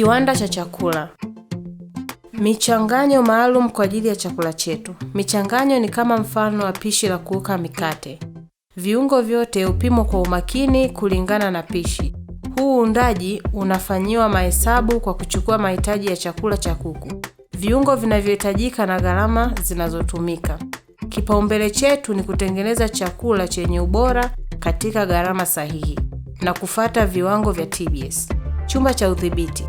Kiwanda cha chakula. Michanganyo maalum kwa ajili ya chakula chetu. Michanganyo ni kama mfano wa pishi la kuoka mikate. Viungo vyote hupimwa kwa umakini kulingana na pishi. Huu uundaji unafanyiwa mahesabu kwa kuchukua mahitaji ya chakula cha kuku, viungo vinavyohitajika na gharama zinazotumika. Kipaumbele chetu ni kutengeneza chakula chenye ubora katika gharama sahihi na kufata viwango vya TBS. Chumba cha udhibiti.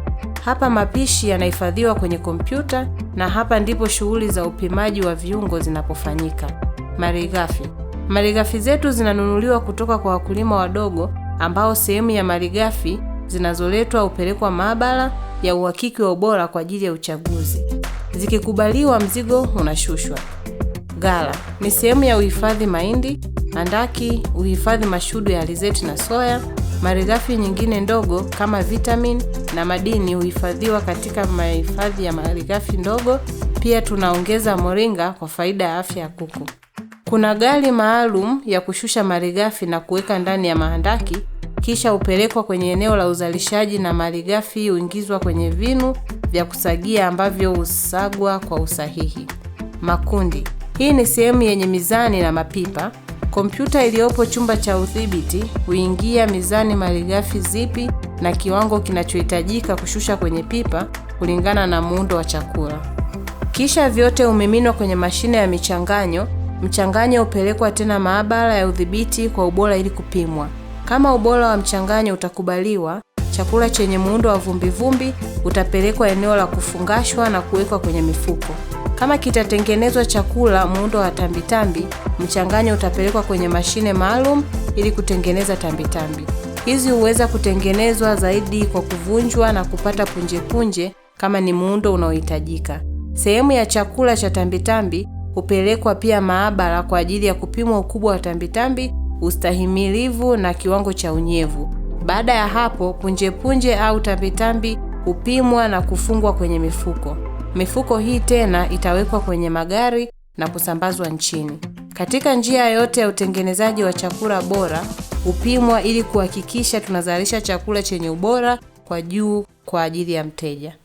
Hapa mapishi yanahifadhiwa kwenye kompyuta na hapa ndipo shughuli za upimaji wa viungo zinapofanyika. Malighafi. Malighafi zetu zinanunuliwa kutoka kwa wakulima wadogo ambao sehemu ya malighafi zinazoletwa hupelekwa maabara ya uhakiki wa ubora kwa ajili ya uchaguzi. Zikikubaliwa, mzigo unashushwa. Ghala ni sehemu ya uhifadhi mahindi, andaki, uhifadhi mashudu ya alizeti na soya Malighafi nyingine ndogo kama vitamin na madini huhifadhiwa katika mahifadhi ya malighafi ndogo. Pia tunaongeza moringa kwa faida ya afya ya kuku. Kuna gari maalum ya kushusha malighafi na kuweka ndani ya mahandaki, kisha hupelekwa kwenye eneo la uzalishaji na malighafi huingizwa kwenye vinu vya kusagia ambavyo husagwa kwa usahihi. Makundi. Hii ni sehemu yenye mizani na mapipa Kompyuta iliyopo chumba cha udhibiti huingia mizani malighafi zipi na kiwango kinachohitajika kushusha kwenye pipa kulingana na muundo wa chakula. Kisha vyote humiminwa kwenye mashine ya michanganyo. Mchanganyo hupelekwa tena maabara ya udhibiti kwa ubora ili kupimwa. Kama ubora wa mchanganyo utakubaliwa, chakula chenye muundo wa vumbivumbi utapelekwa eneo la kufungashwa na kuwekwa kwenye mifuko. Kama kitatengenezwa chakula muundo wa tambitambi, mchanganyo utapelekwa kwenye mashine maalum ili kutengeneza tambitambi. Hizi huweza kutengenezwa zaidi kwa kuvunjwa na kupata punjepunje kama ni muundo unaohitajika. Sehemu ya chakula cha tambitambi hupelekwa pia maabara kwa ajili ya kupimwa ukubwa wa tambitambi, ustahimilivu na kiwango cha unyevu. Baada ya hapo, punjepunje au tambitambi hupimwa na kufungwa kwenye mifuko. Mifuko hii tena itawekwa kwenye magari na kusambazwa nchini. Katika njia yote ya utengenezaji wa chakula bora hupimwa ili kuhakikisha tunazalisha chakula chenye ubora kwa juu kwa ajili ya mteja.